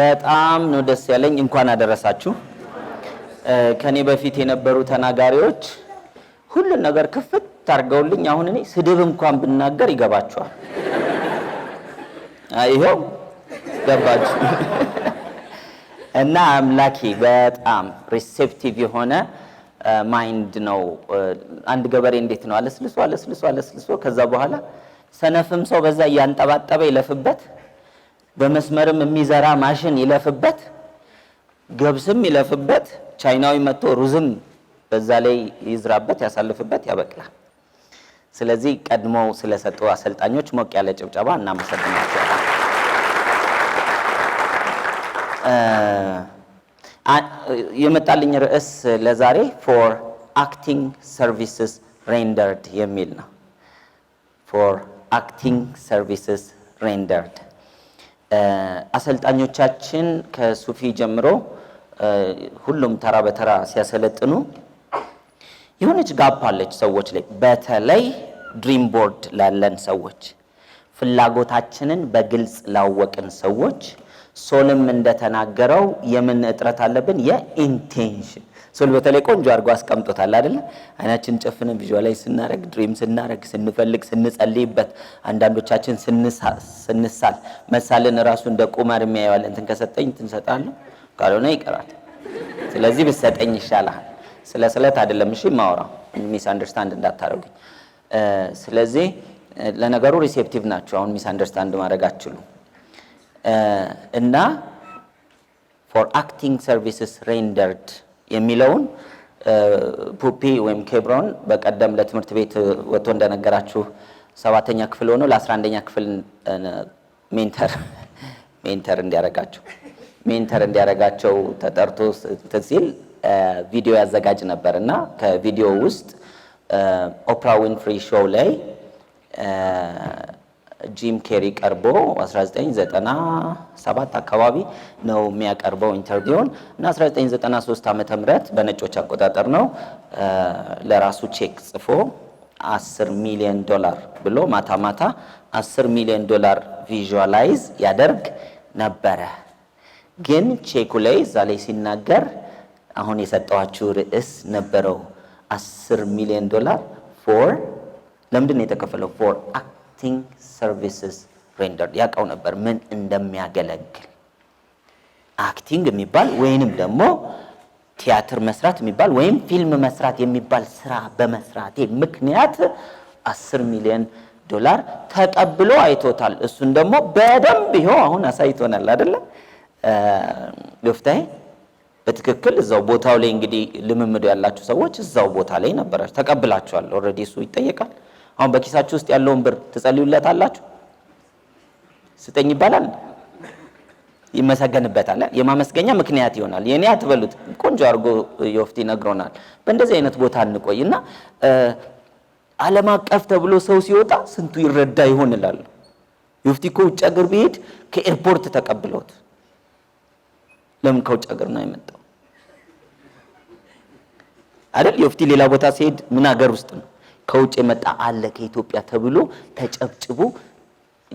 በጣም ነው ደስ ያለኝ። እንኳን አደረሳችሁ። ከኔ በፊት የነበሩ ተናጋሪዎች ሁሉን ነገር ክፍት ታርገውልኝ፣ አሁን እኔ ስድብ እንኳን ብናገር ይገባቸዋል። ይኸው ገባችሁ እና አምላኬ በጣም ሪሴፕቲቭ የሆነ ማይንድ ነው። አንድ ገበሬ እንዴት ነው አለስልሶ አለስልሶ አለስልሶ ከዛ በኋላ ሰነፍም ሰው በዛ እያንጠባጠበ ይለፍበት በመስመርም የሚዘራ ማሽን ይለፍበት፣ ገብስም ይለፍበት፣ ቻይናዊ መጥቶ ሩዝም በዛ ላይ ይዝራበት፣ ያሳልፍበት፣ ያበቅላል። ስለዚህ ቀድሞ ስለሰጡ አሰልጣኞች ሞቅ ያለ ጭብጨባ እናመሰግናቸው። የመጣልኝ ርዕስ ለዛሬ ፎር አክቲንግ ሰርቪስስ ሬንደርድ የሚል ነው። ፎር አክቲንግ ሰርቪስስ ሬንደርድ አሰልጣኞቻችን ከሱፊ ጀምሮ ሁሉም ተራ በተራ ሲያሰለጥኑ የሆነች ጋፕ አለች ሰዎች ላይ በተለይ ድሪም ቦርድ ላለን ሰዎች ፍላጎታችንን በግልጽ ላወቅን ሰዎች ሶልም እንደተናገረው የምን እጥረት አለብን? የኢንቴንሽን ሶል በተለይ ቆንጆ አድርጎ አስቀምጦታል አይደለ? አይናችን ጨፍነን ቪዥዋላይዝ ስናደረግ ድሪም ስናረግ፣ ስንፈልግ፣ ስንጸልይበት፣ አንዳንዶቻችን ስንሳል፣ መሳልን እራሱ እንደ ቁማር የሚያየዋል። እንትን ከሰጠኝ እንትን ካልሆነ ይቀራል። ስለዚህ ብሰጠኝ ይሻልሃል። ስለ ስለት አይደለም እሺ ማውራ ሚስ አንደርስታንድ ስለዚህ ለነገሩ ሪሴፕቲቭ ናቸው። አሁን ሚስ አንደርስታንድ ማድረግ አትችሉም። እና ፎር አክቲንግ ሰርቪስስ ሬንደርድ የሚለውን ፑፒ ወይም ኬብሮን በቀደም ለትምህርት ቤት ወጥቶ እንደነገራችሁ ሰባተኛ ክፍል ሆኖ ለ11ኛ ክፍል ሜንተር ሜንተር እንዲያረጋቸው ሜንተር እንዲያረጋቸው ተጠርቶ ሲል ቪዲዮ ያዘጋጅ ነበር እና ከቪዲዮ ውስጥ ኦፕራ ዊንፍሪ ሾው ላይ ጂም ኬሪ ቀርቦ 1997 አካባቢ ነው የሚያቀርበው ኢንተርቪውን እና 1993 ዓመተ ምረት በነጮች አቆጣጠር ነው ለራሱ ቼክ ጽፎ 10 ሚሊዮን ዶላር ብሎ ማታ ማታ 10 ሚሊዮን ዶላር ቪዥዋላይዝ ያደርግ ነበረ። ግን ቼኩ ላይ እዛ ላይ ሲናገር አሁን የሰጠኋችሁ ርዕስ ነበረው 10 ሚሊዮን ዶላር ፎር ለምንድን ነው የተከፈለው ፎር acting services rendered ያውቀው ነበር ምን እንደሚያገለግል አክቲንግ የሚባል ወይንም ደግሞ ቲያትር መስራት የሚባል ወይም ፊልም መስራት የሚባል ስራ በመስራቴ ምክንያት አስር ሚሊዮን ዶላር ተቀብሎ አይቶታል። እሱን ደግሞ በደንብ ይኸው አሁን አሳይቶናል አይደለ ዮፍታሄ? በትክክል እዛው ቦታው ላይ እንግዲህ ልምምዱ ያላችሁ ሰዎች እዛው ቦታ ላይ ነበራችሁ፣ ተቀብላችኋል። ኦልሬዲ እሱ ይጠየቃል። አሁን በኪሳችሁ ውስጥ ያለውን ብር ትጸልዩለታላችሁ? ስጠኝ ይባላል፣ ይመሰገንበታል፣ የማመስገኛ ምክንያት ይሆናል። የኔ አትበሉት። ቆንጆ አድርጎ ዮፍቲ ነግሮናል። በእንደዚህ አይነት ቦታ እንቆይ እና ዓለም አቀፍ ተብሎ ሰው ሲወጣ ስንቱ ይረዳ ይሆንላል። እላለሁ። ዮፍቲ እኮ ውጭ ሀገር ቢሄድ ከኤርፖርት ተቀብለውት ለምን ከውጭ ሀገር ነው የመጣው አይደል? ዮፍቲ ሌላ ቦታ ሲሄድ ምን ሀገር ውስጥ ነው ከውጭ የመጣ አለ ከኢትዮጵያ ተብሎ ተጨብጭቡ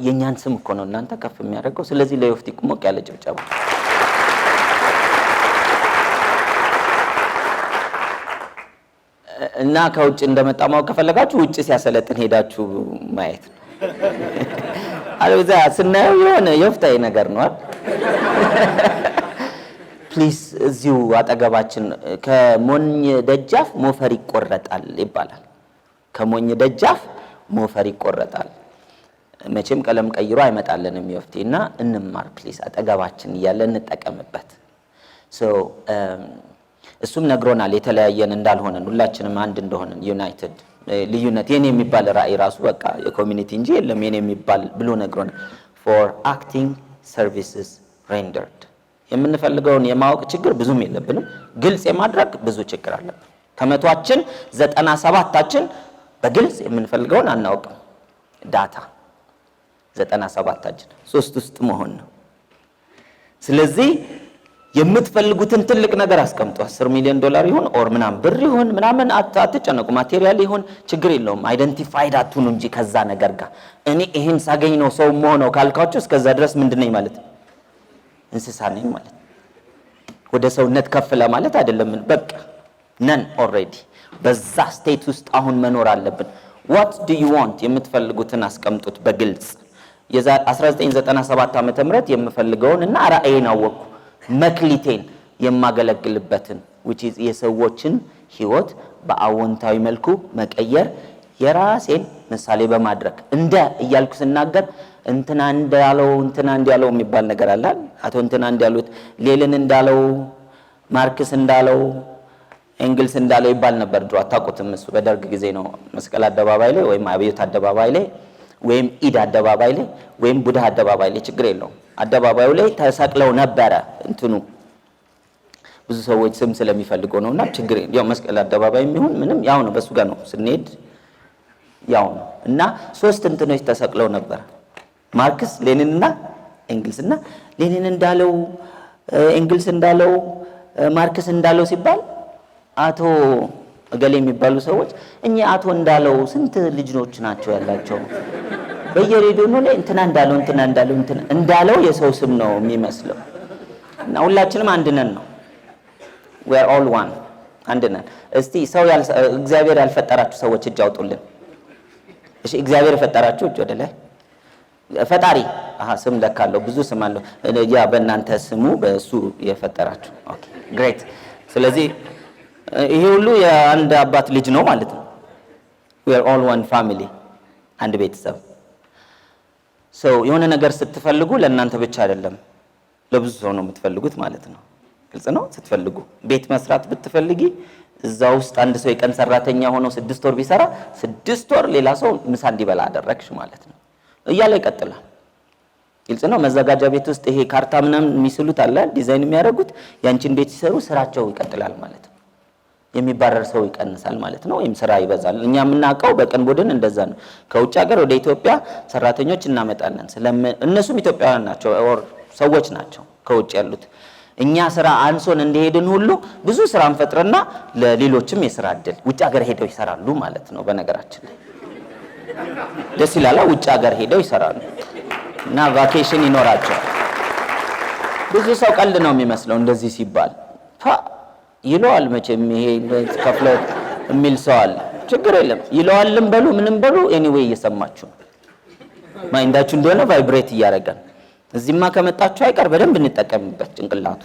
የእኛን ስም እኮ ነው እናንተ ከፍ የሚያደርገው። ስለዚህ ለዮፍቲ ሞቅ ያለ ጭብጨባ። እና ከውጭ እንደመጣ ማወቅ ከፈለጋችሁ ውጭ ሲያሰለጥን ሄዳችሁ ማየት ነው። አለበለዚያ ስናየው የሆነ የወፍታዊ ነገር ነዋል። ፕሊስ እዚሁ አጠገባችን ከሞኝ ደጃፍ ሞፈር ይቆረጣል ይባላል። ከሞኝ ደጃፍ ሞፈር ይቆረጣል። መቼም ቀለም ቀይሮ አይመጣልንም የወፍቴ እና እንማር ፕሊስ፣ አጠገባችን እያለ እንጠቀምበት። እሱም ነግሮናል የተለያየን እንዳልሆነን ሁላችንም አንድ እንደሆነን ዩናይትድ ልዩነት የኔ የሚባል ራእይ ራሱ በቃ የኮሚኒቲ እንጂ የለም የኔ የሚባል ብሎ ነግሮናል። ፎር አክቲንግ ሰርቪስስ ሬንደርድ የምንፈልገውን የማወቅ ችግር ብዙም የለብንም። ግልጽ የማድረግ ብዙ ችግር አለብን። ከመቷችን ዘጠና ሰባታችን በግልጽ የምንፈልገውን አናውቅም። ዳታ ዘጠና ሰባታችን ሶስት ውስጥ መሆን ነው። ስለዚህ የምትፈልጉትን ትልቅ ነገር አስቀምጡ። አስር ሚሊዮን ዶላር ይሁን ኦር ምናምን ብር ይሁን ምናምን አትጨነቁ። ማቴሪያል ይሁን ችግር የለውም። አይደንቲፋይድ አትሁኑ እንጂ ከዛ ነገር ጋር እኔ ይህን ሳገኝ ነው ሰው መሆነው ካልካችሁ እስከዛ ድረስ ምንድን ነኝ ማለት ነው? እንስሳ ነኝ ማለት ወደ ሰውነት ከፍ ለማለት አይደለም። በቃ ነን ኦልሬዲ በዛ ስቴት ውስጥ አሁን መኖር አለብን። ዋት ዱ ዩ ዋንት የምትፈልጉትን አስቀምጡት በግልጽ 1997 ዓ ም የምፈልገውን እና ራእይን አወቅኩ መክሊቴን የማገለግልበትን which የሰዎችን ህይወት በአዎንታዊ መልኩ መቀየር የራሴን ምሳሌ በማድረግ እንደ እያልኩ ስናገር እንትና እንዳለው እንትና እንዲያለው የሚባል ነገር አለ። አቶ እንትና እንዲያሉት ሌልን እንዳለው ማርክስ እንዳለው ኤንግልስ እንዳለው ይባል ነበር ድሮ። አታውቁትም? እሱ በደርግ ጊዜ ነው መስቀል አደባባይ ላይ ወይም አብዮት አደባባይ ላይ ወይም ኢድ አደባባይ ላይ ወይም ቡድሃ አደባባይ ላይ ችግር የለውም አደባባዩ ላይ ተሰቅለው ነበረ። እንትኑ ብዙ ሰዎች ስም ስለሚፈልገው ነው እና ችግር ያው መስቀል አደባባይ የሚሆን ምንም ያው ነው። በሱ ጋር ነው ስንሄድ ያው ነው እና ሶስት እንትኖች ተሰቅለው ነበር ማርክስ፣ ሌኒንና ኤንግልስ እና ሌኒን እንዳለው ኤንግልስ እንዳለው ማርክስ እንዳለው ሲባል አቶ እገሌ የሚባሉ ሰዎች እኛ አቶ እንዳለው ስንት ልጅኖች ናቸው ያላቸው። በየሬዲዮ ላይ እንትና እንዳለው እንትና እንዳለው እንትና እንዳለው የሰው ስም ነው የሚመስለው። እና ሁላችንም አንድ ነን ነው we are all one አንድ ነን። እስቲ ሰው እግዚአብሔር ያልፈጠራችሁ ሰዎች እጅ አውጡልን። እሺ፣ እግዚአብሔር የፈጠራችሁ እጅ ወደ ላይ ፈጣሪ አሃ ስም ለካለው ብዙ ስም አለው። ያ በእናንተ ስሙ በእሱ የፈጠራችሁ ኦኬ ግሬት። ስለዚህ ይሄ ሁሉ የአንድ አባት ልጅ ነው ማለት ነው። ዊ ኦል ዋን ፋሚሊ፣ አንድ ቤተሰብ። ሰው የሆነ ነገር ስትፈልጉ ለእናንተ ብቻ አይደለም ለብዙ ሰው ነው የምትፈልጉት ማለት ነው። ግልጽ ነው። ስትፈልጉ ቤት መስራት ብትፈልጊ እዛ ውስጥ አንድ ሰው የቀን ሰራተኛ ሆኖ ስድስት ወር ቢሰራ ስድስት ወር ሌላ ሰው ምሳ እንዲበላ አደረግሽ ማለት ነው። እያለ ይቀጥላል። ግልጽ ነው። መዘጋጃ ቤት ውስጥ ይሄ ካርታ ምናምን የሚስሉት አለ ዲዛይን የሚያደርጉት ያንቺን ቤት ሲሰሩ ስራቸው ይቀጥላል ማለት ነው። የሚባረር ሰው ይቀንሳል ማለት ነው፣ ወይም ስራ ይበዛል። እኛ የምናውቀው በቀን ቡድን እንደዛ ነው። ከውጭ ሀገር ወደ ኢትዮጵያ ሰራተኞች እናመጣለን። እነሱም ኢትዮጵያውያን ናቸው፣ ሰዎች ናቸው ከውጭ ያሉት። እኛ ስራ አንሶን እንደሄድን ሁሉ ብዙ ስራ እንፈጥርና ለሌሎችም የስራ እድል ውጭ ሀገር ሄደው ይሰራሉ ማለት ነው። በነገራችን ላይ ደስ ይላላ። ውጭ ሀገር ሄደው ይሰራሉ እና ቫኬሽን ይኖራቸዋል። ብዙ ሰው ቀልድ ነው የሚመስለው እንደዚህ ሲባል ይለዋል። መቼም ይሄ ከፍለው የሚል ሰው አለ። ችግር የለም ይለዋልም በሉ ምንም በሉ ኤኒዌይ እየሰማችሁ ነው። ማይንዳችሁ እንደሆነ ቫይብሬት እያደረገን እዚህማ ከመጣችሁ አይቀር በደንብ እንጠቀምበት ጭንቅላቱ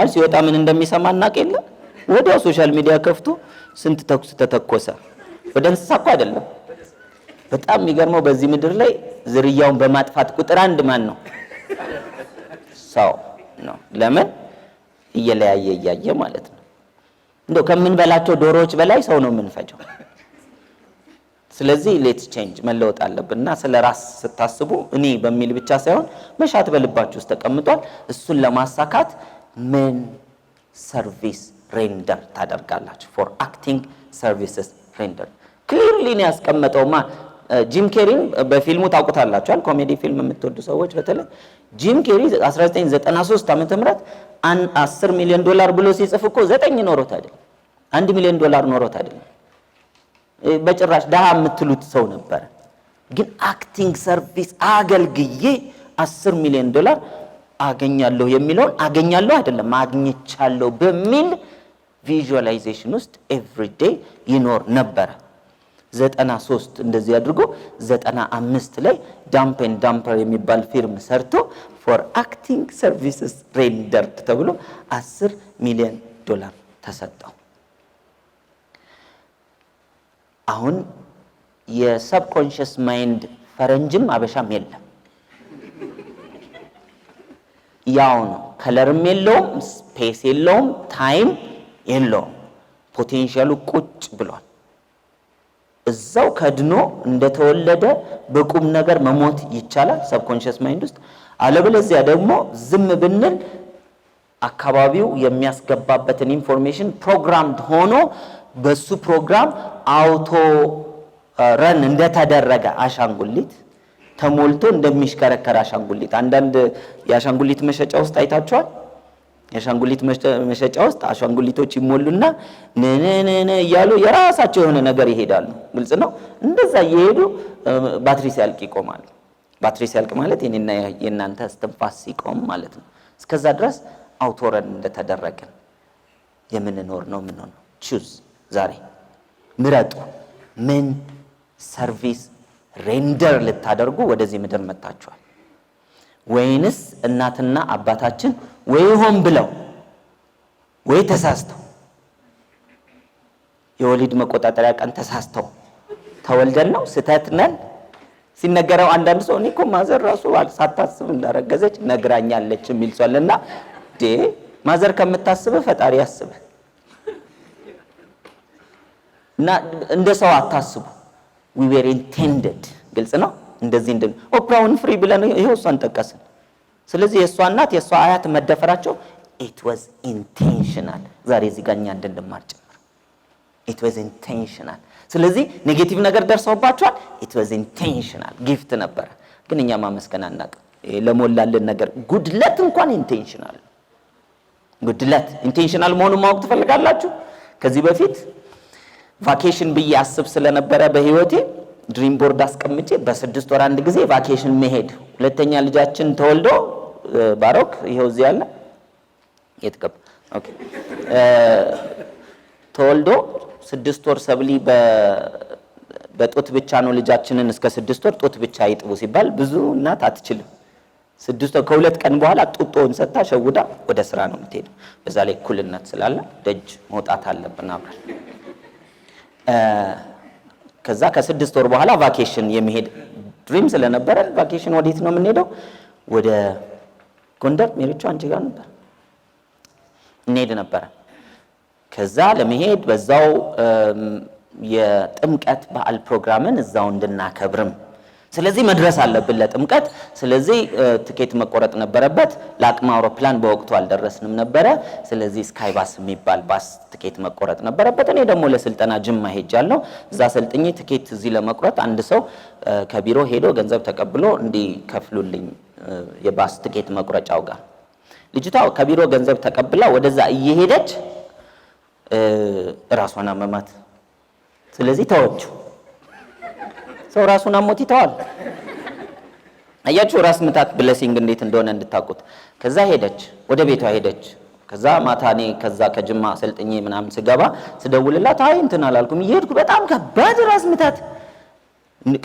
አይ ሲወጣ ምን እንደሚሰማ እናቅ የለ ወዲያው ሶሻል ሚዲያ ከፍቶ ስንት ተኩስ ተተኮሰ። ወደ እንስሳ እኮ አይደለም። በጣም የሚገርመው በዚህ ምድር ላይ ዝርያውን በማጥፋት ቁጥር አንድ ማን ነው? ሰው ነው። ለምን እየለያየ እያየ ማለት ነው። እንደው ከምንበላቸው ዶሮዎች በላይ ሰው ነው የምንፈጀው። ስለዚህ ሌት ቼንጅ መለወጥ አለብን እና ስለ ራስ ስታስቡ እኔ በሚል ብቻ ሳይሆን መሻት በልባችሁ ውስጥ ተቀምጧል። እሱን ለማሳካት ምን ሰርቪስ ሬንደር ታደርጋላችሁ? ፎር አክቲንግ ሰርቪስስ ሬንደር ክሊርሊ ነው ያስቀመጠውማ ጂም ኬሪም በፊልሙ ታውቁታላችኋል። ኮሜዲ ፊልም የምትወዱ ሰዎች በተለይ ጂም ኬሪ 1993 ዓ ም 10 ሚሊዮን ዶላር ብሎ ሲጽፍ እኮ ዘጠኝ ኖሮት አይደለም፣ አንድ ሚሊዮን ዶላር ኖሮት አይደለም። በጭራሽ ደሃ የምትሉት ሰው ነበረ። ግን አክቲንግ ሰርቪስ አገልግዬ 10 ሚሊዮን ዶላር አገኛለሁ የሚለውን አገኛለሁ አይደለም አግኝቻለሁ በሚል ቪዥዋላይዜሽን ውስጥ ኤቭሪዴይ ይኖር ነበረ። ዘጠና ሶስት እንደዚህ አድርጎ ዘጠና አምስት ላይ ዳምፕን ዳምፐር የሚባል ፊርም ሰርቶ ፎር አክቲንግ ሰርቪስስ ሬንደርድ ተብሎ አስር ሚሊዮን ዶላር ተሰጠው። አሁን የሰብኮንሽስ ማይንድ ፈረንጅም አበሻም የለም፣ ያው ነው። ከለርም የለውም፣ ስፔስ የለውም፣ ታይም የለውም። ፖቴንሻሉ ቁጭ ብሏል። እዛው ከድኖ እንደተወለደ በቁም ነገር መሞት ይቻላል ሰብኮንሽስ ማይንድ ውስጥ። አለበለዚያ ደግሞ ዝም ብንል አካባቢው የሚያስገባበትን ኢንፎርሜሽን ፕሮግራምድ ሆኖ በሱ ፕሮግራም አውቶ ረን እንደተደረገ አሻንጉሊት ተሞልቶ እንደሚሽከረከር አሻንጉሊት አንዳንድ የአሻንጉሊት መሸጫ ውስጥ አይታችኋል። የአሻንጉሊት መሸጫ ውስጥ አሻንጉሊቶች ይሞሉና ነነነነ እያሉ የራሳቸው የሆነ ነገር ይሄዳሉ። ግልጽ ነው። እንደዛ እየሄዱ ባትሪ ሲያልቅ ይቆማሉ። ባትሪ ሲያልቅ ማለት የኔና የእናንተ እስትንፋስ ሲቆም ማለት ነው። እስከዛ ድረስ አውቶረን እንደተደረግን የምንኖር ነው የምንሆነው። ቹዝ ዛሬ ምረጡ። ምን ሰርቪስ ሬንደር ልታደርጉ ወደዚህ ምድር መጥታችኋል? ወይንስ እናትና አባታችን ወይ ሆን ብለው ወይ ተሳስተው የወሊድ መቆጣጠሪያ ቀን ተሳስተው ተወልደን ነው ስህተት ነን ሲነገረው አንዳንድ ሰው እኔ እኮ ማዘር ራሱ ሳታስብ እንዳረገዘች ነግራኛለች የሚል ሰው አለና፣ ዴ ማዘር ከምታስብህ ፈጣሪ ያስብ እና እንደ ሰው አታስቡ። ዊ ዌር ኢንቴንደድ ግልጽ ነው። እንደዚህ እንደ ኦፕራውን ፍሪ ብለን ይኸው እሷን ጠቀስን። ስለዚህ የእሷ እናት የእሷ አያት መደፈራቸው ኢት ዋዝ ኢንቴንሽናል። ዛሬ እዚህ ጋር እኛ እንድንማር ጭምር ኢት ዋዝ ኢንቴንሽናል። ስለዚህ ኔጌቲቭ ነገር ደርሰውባቸዋል። ኢት ዋዝ ኢንቴንሽናል ጊፍት ነበረ፣ ግን እኛ ማመስገን አናውቅም። ለሞላልን ነገር ጉድለት እንኳን ኢንቴንሽናል ጉድለት ኢንቴንሽናል መሆኑን ማወቅ ትፈልጋላችሁ? ከዚህ በፊት ቫኬሽን ብዬ አስብ ስለነበረ በህይወቴ ድሪም ቦርድ አስቀምጬ በስድስት ወር አንድ ጊዜ ቫኬሽን መሄድ ሁለተኛ ልጃችን ተወልዶ ባሮክ ይኸው እዚህ ያለ የተቀባ ኦኬ። ተወልዶ ስድስት ወር ሰብሊ በጡት ብቻ ነው ልጃችንን እስከ ስድስት ወር ጡት ብቻ ይጥቡ ሲባል ብዙ እናት አትችልም። ስድስት ከሁለት ቀን በኋላ ጡጦውን ሰጥታ ሸውዳ ወደ ስራ ነው የምትሄደው። በዛ ላይ እኩልነት ስላለ ደጅ መውጣት አለብን አብረን። ከዛ ከስድስት ወር በኋላ ቫኬሽን የሚሄድ ድሪም ስለነበረ ቫኬሽን ወዴት ነው የምንሄደው? ወደ ጎንደር ሜሪቾ አንቺ ጋር ነበር እንሄድ ነበረ። ከዛ ለመሄድ በዛው የጥምቀት በዓል ፕሮግራምን እዛው እንድናከብርም ስለዚህ መድረስ አለብን ለጥምቀት። ስለዚህ ትኬት መቆረጥ ነበረበት። ለአቅመ አውሮፕላን በወቅቱ አልደረስንም ነበረ። ስለዚህ ስካይ ባስ የሚባል ባስ ትኬት መቆረጥ ነበረበት። እኔ ደግሞ ለስልጠና ጅማ ሄጃለሁ። እዛ ሰልጥኜ ትኬት እዚህ ለመቁረጥ አንድ ሰው ከቢሮ ሄዶ ገንዘብ ተቀብሎ እንዲከፍሉልኝ የባስ ትኬት መቁረጫው ጋር ልጅቷ ከቢሮ ገንዘብ ተቀብላ ወደዛ እየሄደች ራሷን አመማት። ስለዚህ ተወችው። ሰው ራሱን አሞት ይተዋል። አያችሁ ራስ ምታት ብለሲንግ እንዴት እንደሆነ እንድታውቁት። ከዛ ሄደች፣ ወደ ቤቷ ሄደች። ከዛ ማታ እኔ ከዛ ከጅማ አሰልጥኜ ምናምን ስገባ ስደውልላት አይ እንትን አላልኩም እየሄድኩ በጣም ከባድ ራስ ምታት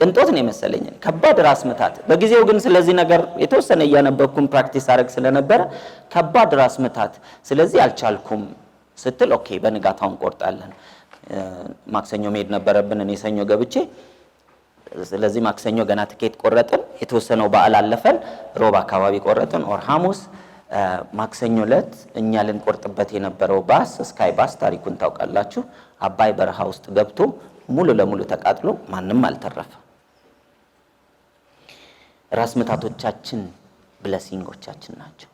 ቅንጦት ነው የመሰለኝ ከባድ ራስ ምታት። በጊዜው ግን ስለዚህ ነገር የተወሰነ እያነበብኩም ፕራክቲስ አረግ ስለነበረ ከባድ ራስ ምታት፣ ስለዚህ አልቻልኩም ስትል ኦኬ፣ በንጋታው እንቆርጣለን። ማክሰኞ መሄድ ነበረብን፣ እኔ ሰኞ ገብቼ ስለዚህ ማክሰኞ ገና ትኬት ቆረጥን። የተወሰነው በዓል አለፈን፣ ሮብ አካባቢ ቆረጥን ኦር ሐሙስ ማክሰኞ ዕለት እኛ ልንቆርጥበት የነበረው ባስ ስካይ ባስ ታሪኩን ታውቃላችሁ። አባይ በረሃ ውስጥ ገብቶ ሙሉ ለሙሉ ተቃጥሎ ማንም አልተረፈ። ራስ ምታቶቻችን ብለሲንጎቻችን ናቸው።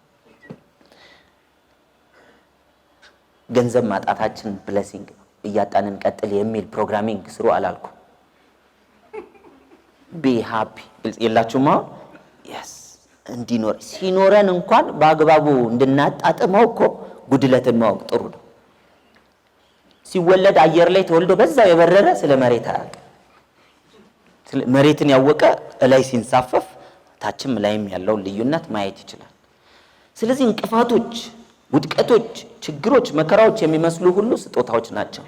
ገንዘብ ማጣታችን ብለሲንግ እያጣን ቀጥል የሚል ፕሮግራሚንግ ስሩ አላልኩ። ቢ ሃፒ የላችሁም? አሁን የስ እንዲኖር ሲኖረን እንኳን በአግባቡ እንድናጣጥመው እኮ ጉድለትን ማወቅ ጥሩ ነው። ሲወለድ አየር ላይ ተወልዶ በዛው የበረረ ስለ መሬት አያውቅም። መሬትን ያወቀ እላይ ሲንሳፈፍ ታችም ላይም ያለውን ልዩነት ማየት ይችላል። ስለዚህ እንቅፋቶች፣ ውድቀቶች፣ ችግሮች፣ መከራዎች የሚመስሉ ሁሉ ስጦታዎች ናቸው።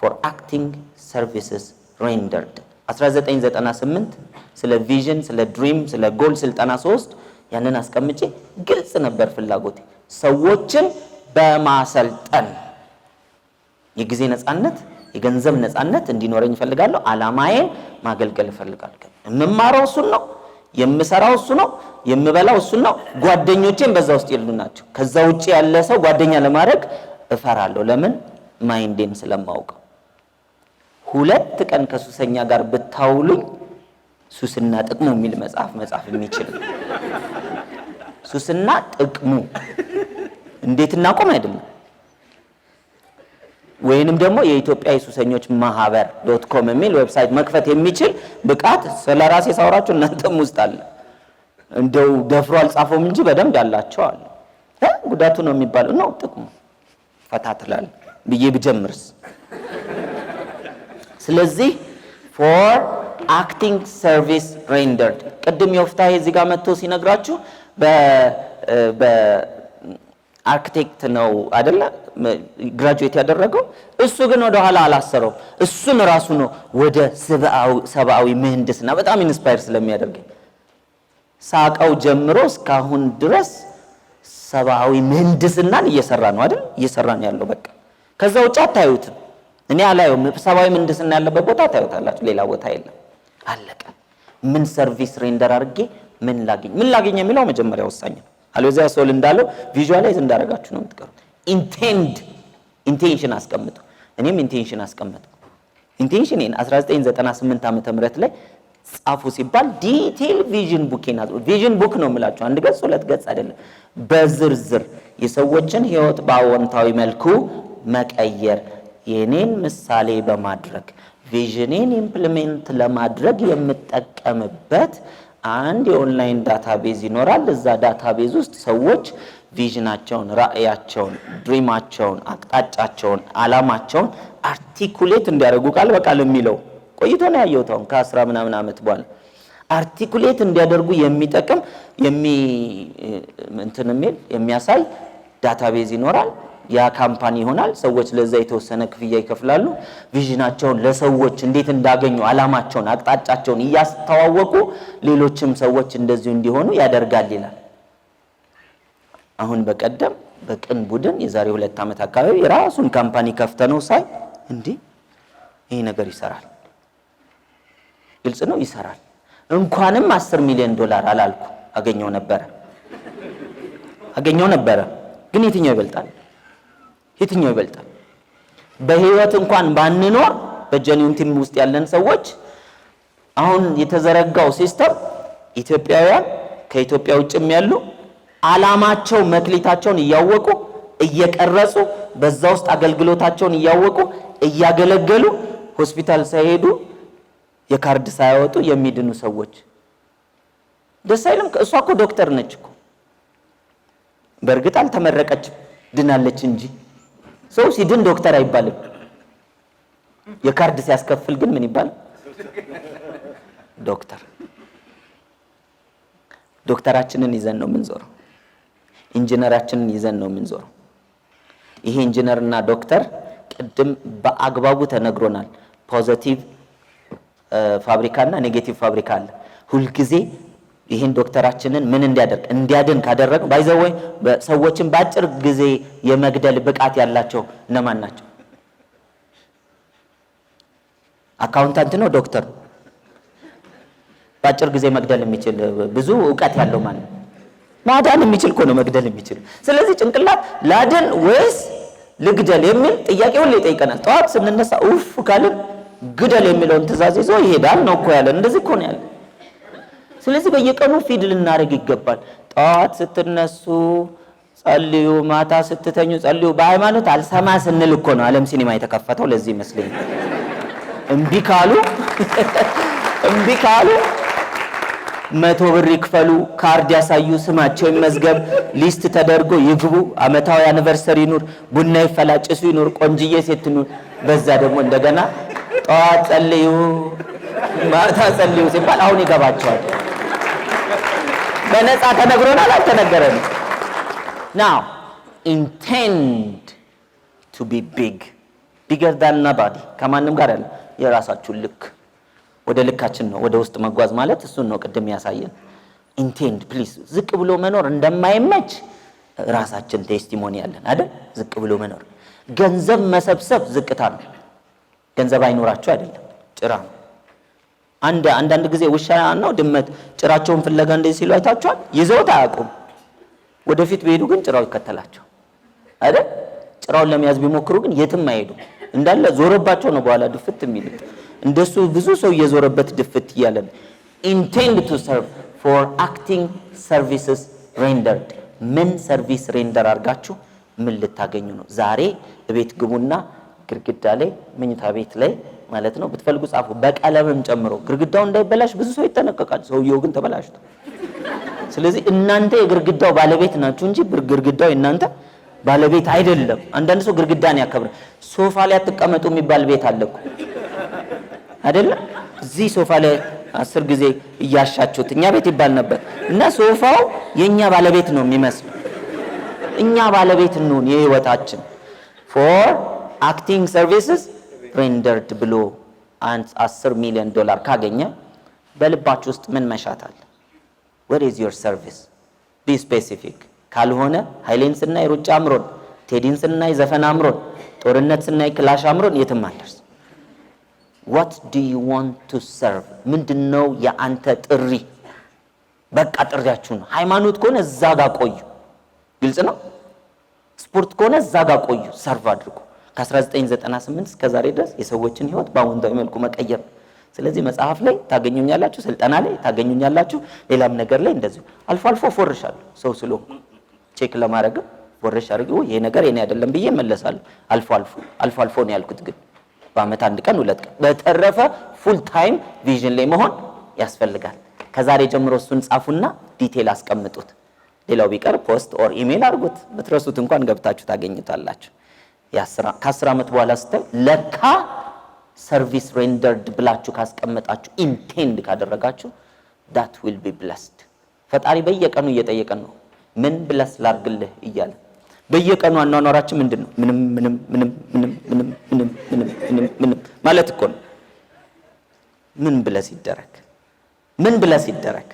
ፎር አክቲንግ ሰርቪስስ ሬንደርድ 1998 ስለ ቪዥን፣ ስለ ድሪም፣ ስለ ጎል ስልጠና ሶስት ያንን አስቀምጬ ግልጽ ነበር ፍላጎቴ ሰዎችን በማሰልጠን የጊዜ ነፃነት፣ የገንዘብ ነፃነት እንዲኖረኝ እፈልጋለሁ። አላማዬን ማገልገል እፈልጋለሁ። የምማረው እሱን ነው፣ የምሰራው እሱ ነው፣ የምበላው እሱን ነው። ጓደኞቼም በዛ ውስጥ የሉ ናቸው። ከዛ ውጭ ያለ ሰው ጓደኛ ለማድረግ እፈራለሁ። ለምን? ማይንዴን ስለማውቀው። ሁለት ቀን ከሱሰኛ ጋር ብታውሉኝ ሱስና ጥቅሙ የሚል መጽሐፍ መጻፍ የሚችል ሱስና ጥቅሙ እንዴት እናቆም አይደለም ወይንም ደግሞ የኢትዮጵያ የሱሰኞች ማህበር ዶት ኮም የሚል ዌብሳይት መክፈት የሚችል ብቃት ስለ ራሴ ሳውራችሁ እናንተም ውስጥ አለ። እንደው ደፍሮ አልጻፈውም እንጂ በደንብ ያላቸው አለ። ጉዳቱ ነው የሚባለው ነው ጥቅሙ ፈታ ትላል ብዬ ብጀምርስ። ስለዚህ ፎር አክቲንግ ሰርቪስ ሬንደርድ ቅድም የወፍታሄ እዚህ ጋር መጥቶ ሲነግራችሁ አርክቴክት ነው አይደለ? ግራጁዌት ያደረገው እሱ ግን ወደ ኋላ አላሰረው። እሱን ራሱ ነው ወደ ሰብአዊ ምህንድስና በጣም ኢንስፓየር ስለሚያደርገኝ ሳቀው ጀምሮ እስካሁን ድረስ ሰብአዊ ምህንድስናን እየሰራ ነው አይደል? እየሰራ ነው ያለው። በቃ ከዛ ውጭ አታዩትም። እኔ አላየውም። ሰብአዊ ምህንድስና ያለበት ቦታ ታዩታላችሁ፣ ሌላ ቦታ የለም። አለቀ። ምን ሰርቪስ ሬንደር አድርጌ ምን ላግኝ ምን ላግኝ የሚለው መጀመሪያ ወሳኝ ነው። አለዚያ ሶል እንዳለው ቪዥዋላይዝ እንዳደረጋችሁ ነው የምትቀሩት። ኢንቴንድ ኢንቴንሽን አስቀምጡ። እኔም ኢንቴንሽን ኢንቴንሽን ኢንቴንሽኔን 1998 ዓመተ ምህረት ላይ ጻፉ ሲባል ዲቴል ቪዥን ቡክ አዝ ቪዥን ቡክ ነው የምላችሁ። አንድ ገጽ ሁለት ገጽ አይደለም። በዝርዝር የሰዎችን ህይወት በአዎንታዊ መልኩ መቀየር የኔን ምሳሌ በማድረግ ቪዥኔን ኢምፕሊሜንት ለማድረግ የምጠቀምበት አንድ የኦንላይን ዳታቤዝ ይኖራል። እዛ ዳታቤዝ ውስጥ ሰዎች ቪዥናቸውን፣ ራዕያቸውን፣ ድሪማቸውን፣ አቅጣጫቸውን፣ አላማቸውን አርቲኩሌት እንዲያደርጉ ቃል በቃል የሚለው ቆይቶ ነው ያየሁት አሁን ከአስራ ምናምን ዓመት በኋላ አርቲኩሌት እንዲያደርጉ የሚጠቅም እንትን የሚል የሚያሳይ ዳታቤዝ ይኖራል። ያ ካምፓኒ ይሆናል። ሰዎች ለዛ የተወሰነ ክፍያ ይከፍላሉ። ቪዥናቸውን ለሰዎች እንዴት እንዳገኙ አላማቸውን፣ አቅጣጫቸውን እያስተዋወቁ ሌሎችም ሰዎች እንደዚሁ እንዲሆኑ ያደርጋል ይላል። አሁን በቀደም በቅን ቡድን የዛሬ ሁለት ዓመት አካባቢ የራሱን ካምፓኒ ከፍተነው ሳይ እንዲህ ይህ ነገር ይሰራል። ግልጽ ነው ይሰራል። እንኳንም አስር ሚሊዮን ዶላር አላልኩ። አገኘው ነበረ አገኘው ነበረ፣ ግን የትኛው ይበልጣል? የትኛው ይበልጣል? በህይወት እንኳን ባንኖር በጀኒውን ቲም ውስጥ ያለን ሰዎች አሁን የተዘረጋው ሲስተም ኢትዮጵያውያን ከኢትዮጵያ ውጭም ያሉ አላማቸው መክሊታቸውን እያወቁ እየቀረጹ በዛ ውስጥ አገልግሎታቸውን እያወቁ እያገለገሉ ሆስፒታል ሳይሄዱ የካርድ ሳያወጡ የሚድኑ ሰዎች ደስ አይልም። እሷ እኮ ዶክተር ነች እኮ በእርግጥ አልተመረቀችም፣ ድናለች እንጂ ሰው ሲድን ዶክተር አይባልም። የካርድ ሲያስከፍል ግን ምን ይባል? ዶክተር። ዶክተራችንን ይዘን ነው የምንዞረው። ኢንጂነራችንን ይዘን ነው የምንዞረው። ይሄ ኢንጂነርና ዶክተር ቅድም በአግባቡ ተነግሮናል። ፖዘቲቭ ፋብሪካ ኔጌቲቭ ፋብሪካ አለ። ሁልጊዜ ይህን ዶክተራችንን ምን እንዲያደርግ እንዲያድን ካደረግ ባይዘወይ ሰዎችን በአጭር ጊዜ የመግደል ብቃት ያላቸው እነማን ናቸው? አካውንታንት ነው ዶክተር በአጭር ጊዜ መግደል የሚችል ብዙ እውቀት ያለው ማን ማዳን የሚችል እኮ ነው መግደል የሚችል። ስለዚህ ጭንቅላት ላድን ወይስ ልግደል የሚል ጥያቄ ሁሌ ይጠይቀናል። ጠዋት ስንነሳ ኡፍ ካልን ግደል የሚለውን ትዕዛዝ ይዞ ይሄዳል ነው እኮ ያለን። እንደዚህ እኮ ነው ያለን። ስለዚህ በየቀኑ ፊድ ልናደርግ ይገባል። ጠዋት ስትነሱ ጸልዩ፣ ማታ ስትተኙ ጸልዩ። በሃይማኖት አልሰማ ስንል እኮ ነው ዓለም ሲኒማ የተከፈተው። ለዚህ ይመስለኛል እምቢ ካሉ እምቢ ካሉ መቶ ብር ይክፈሉ፣ ካርድ ያሳዩ፣ ስማቸው ይመዝገብ፣ ሊስት ተደርጎ ይግቡ። አመታዊ አኒቨርሰሪ ይኑር፣ ቡና ይፈላ፣ ጭሱ ይኑር፣ ቆንጅዬ ሴት ይኑር። በዛ ደግሞ እንደገና ጠዋት ጸልዩ፣ ማታ ጸልዩ ሲባል አሁን ይገባቸዋል። በነፃ ተነግሮናል አልተነገረንም? ናው ኢንቴንድ ቱ ቢ ቢግ ቢገር ዳን ናባዲ ከማንም ጋር ያለ የራሳችሁን ልክ ወደ ልካችን ነው። ወደ ውስጥ መጓዝ ማለት እሱን ነው። ቅድም ያሳየን ኢንቴንድ ፕሊዝ። ዝቅ ብሎ መኖር እንደማይመች ራሳችን ቴስቲሞኒ ያለን አይደል? ዝቅ ብሎ መኖር ገንዘብ መሰብሰብ ዝቅታ ነው። ገንዘብ አይኖራችሁ አይደለም ጭራ ነው። አንድ አንዳንድ ጊዜ ውሻ ነው ድመት ጭራቸውን ፍለጋ እንደዚህ ሲሉ አይታችኋል። ይዘውት አያውቁም። ወደፊት ቢሄዱ ግን ጭራው ይከተላቸው አይደል? ጭራውን ለመያዝ ቢሞክሩ ግን የትም አይሄዱ እንዳለ ዞረባቸው ነው በኋላ ድፍት የሚል እንደሱ ብዙ ሰው እየዞረበት ድፍት እያለ ነው። ኢንቴንድ ቱ ሰርቭ ፎር አክቲንግ ሰርቪስስ ሬንደርድ ምን ሰርቪስ ሬንደር አድርጋችሁ ምን ልታገኙ ነው? ዛሬ እቤት ግቡና ግድግዳ ላይ መኝታ ቤት ላይ ማለት ነው። ብትፈልጉ ጻፉ፣ በቀለምም ጨምሮ። ግድግዳው እንዳይበላሽ ብዙ ሰው ይጠነቀቃል። ሰውየው ግን ተበላሽቶ፣ ስለዚህ እናንተ የግድግዳው ባለቤት ናችሁ እንጂ ግድግዳው የእናንተ ባለቤት አይደለም። አንዳንድ ሰው ግድግዳን ያከብራል። ሶፋ ላይ አትቀመጡ የሚባል ቤት አለ እኮ አይደለም? እዚህ ሶፋ ላይ አስር ጊዜ እያሻችሁት እኛ ቤት ይባል ነበር እና ሶፋው የእኛ ባለቤት ነው የሚመስለው። እኛ ባለቤት እንሁን የህይወታችን ፎር አክቲንግ ሰርቪስስ ሬንደርድ ብሎ አስር ሚሊዮን ዶላር ካገኘ በልባችሁ ውስጥ ምን መሻት አለ? ዌር ኢዝ ዮር ሰርቪስ ቢ ስፔሲፊክ። ካልሆነ ኃይሌን ስናይ ሩጫ አምሮን፣ ቴዲን ስናይ ዘፈን አምሮን፣ ጦርነት ስናይ ክላሽ አምሮን የትም አንደርስ። ዋት ዱ ዩ ዋንት ቱ ሰርቭ? ምንድነው የአንተ ጥሪ? በቃ ጥሪያችሁ ነው። ሃይማኖት ከሆነ እዛ ጋር ቆዩ። ግልጽ ነው። ስፖርት ከሆነ እዛ ጋር ቆዩ፣ ሰርቭ አድርጉ። ከ1998 እስከ ዛሬ ድረስ የሰዎችን ህይወት በአዎንታዊ መልኩ መቀየር ነው። ስለዚህ መጽሐፍ ላይ ታገኙኛላችሁ፣ ስልጠና ላይ ታገኙኛላችሁ፣ ሌላም ነገር ላይ እንደዚሁ አልፎ አልፎ ፎርሻለሁ። ሰው ስለሆንኩ ቼክ ለማድረግም ፎርሽ አድርጌ ይሄ ነገር የኔ አይደለም ብዬ እመለሳለሁ። አልፎ አልፎ አልፎ አልፎ ነው ያልኩት፣ ግን በአመት አንድ ቀን ሁለት ቀን። በተረፈ ፉል ታይም ቪዥን ላይ መሆን ያስፈልጋል። ከዛሬ ጀምሮ እሱን ጻፉና ዲቴል አስቀምጡት። ሌላው ቢቀር ፖስት ኦር ኢሜል አድርጉት። ብትረሱት እንኳን ገብታችሁ ታገኙታላችሁ። ከአስር ዓመት በኋላ ስታዩ ለካ ሰርቪስ ሬንደርድ ብላችሁ ካስቀመጣችሁ ኢንቴንድ ካደረጋችሁ ዳት ዊል ቢ ብለስድ። ፈጣሪ በየቀኑ እየጠየቀን ነው፣ ምን ብለስ ላርግልህ እያለ በየቀኑ አኗኗራችን ምንድን ነው? ምንም ምንም ምንም ምንም ምንም ምንም ምንም ምንም ምንም ማለት እኮ ነው። ምን ብለስ ይደረግ፣ ምን ብለስ ይደረግ።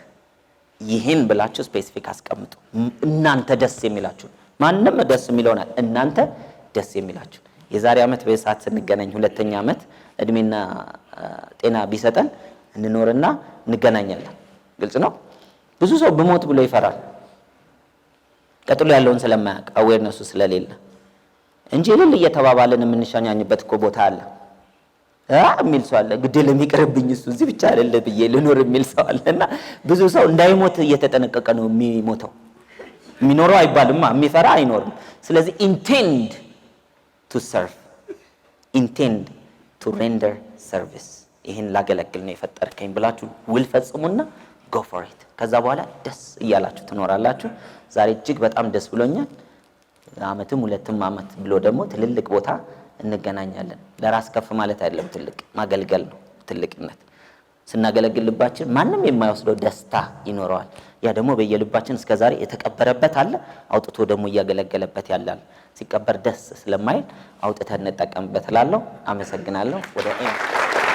ይህን ብላችሁ ስፔሲፊክ አስቀምጡ። እናንተ ደስ የሚላችሁ ማንም ደስ የሚለውናል እናንተ ደስ የሚላችሁ። የዛሬ ዓመት በሰዓት ስንገናኝ ሁለተኛ ዓመት እድሜና ጤና ቢሰጠን እንኖርና እንገናኛለን። ግልጽ ነው። ብዙ ሰው ብሞት ብሎ ይፈራል፣ ቀጥሎ ያለውን ስለማያውቅ አዌርነሱ ስለሌለ እንጂ ልል እየተባባልን የምንሻኛኝበት እኮ ቦታ አለ የሚል ሰው አለ። ግድል የሚቀርብኝ እሱ እዚህ ብቻ አይደለ ብዬ ልኖር የሚል ሰው አለ። እና ብዙ ሰው እንዳይሞት እየተጠነቀቀ ነው የሚሞተው። የሚኖረው አይባልማ፣ የሚፈራ አይኖርም። ስለዚህ ኢንቴንድ ቱ ሰርቭ ኢንቴንድ ቱ ሬንደር ሰርቪስ ይህን ላገለግል ነው የፈጠርከኝ ብላችሁ ውል ፈጽሙና ጎ ፎር ኢት። ከዛ በኋላ ደስ እያላችሁ ትኖራላችሁ። ዛሬ እጅግ በጣም ደስ ብሎኛል። አመትም ሁለትም አመት ብሎ ደግሞ ትልልቅ ቦታ እንገናኛለን። ለራስ ከፍ ማለት አይደለም፣ ትልቅ ማገልገል ነው ትልቅነት። ስናገለግል ልባችን ማንም የማይወስደው ደስታ ይኖረዋል። ያ ደግሞ በየልባችን እስከ ዛሬ የተቀበረበት አለ አውጥቶ ደግሞ እያገለገለበት ያላል። ሲቀበር ደስ ስለማይል አውጥተን እንጠቀምበት እላለሁ። አመሰግናለሁ። ወደ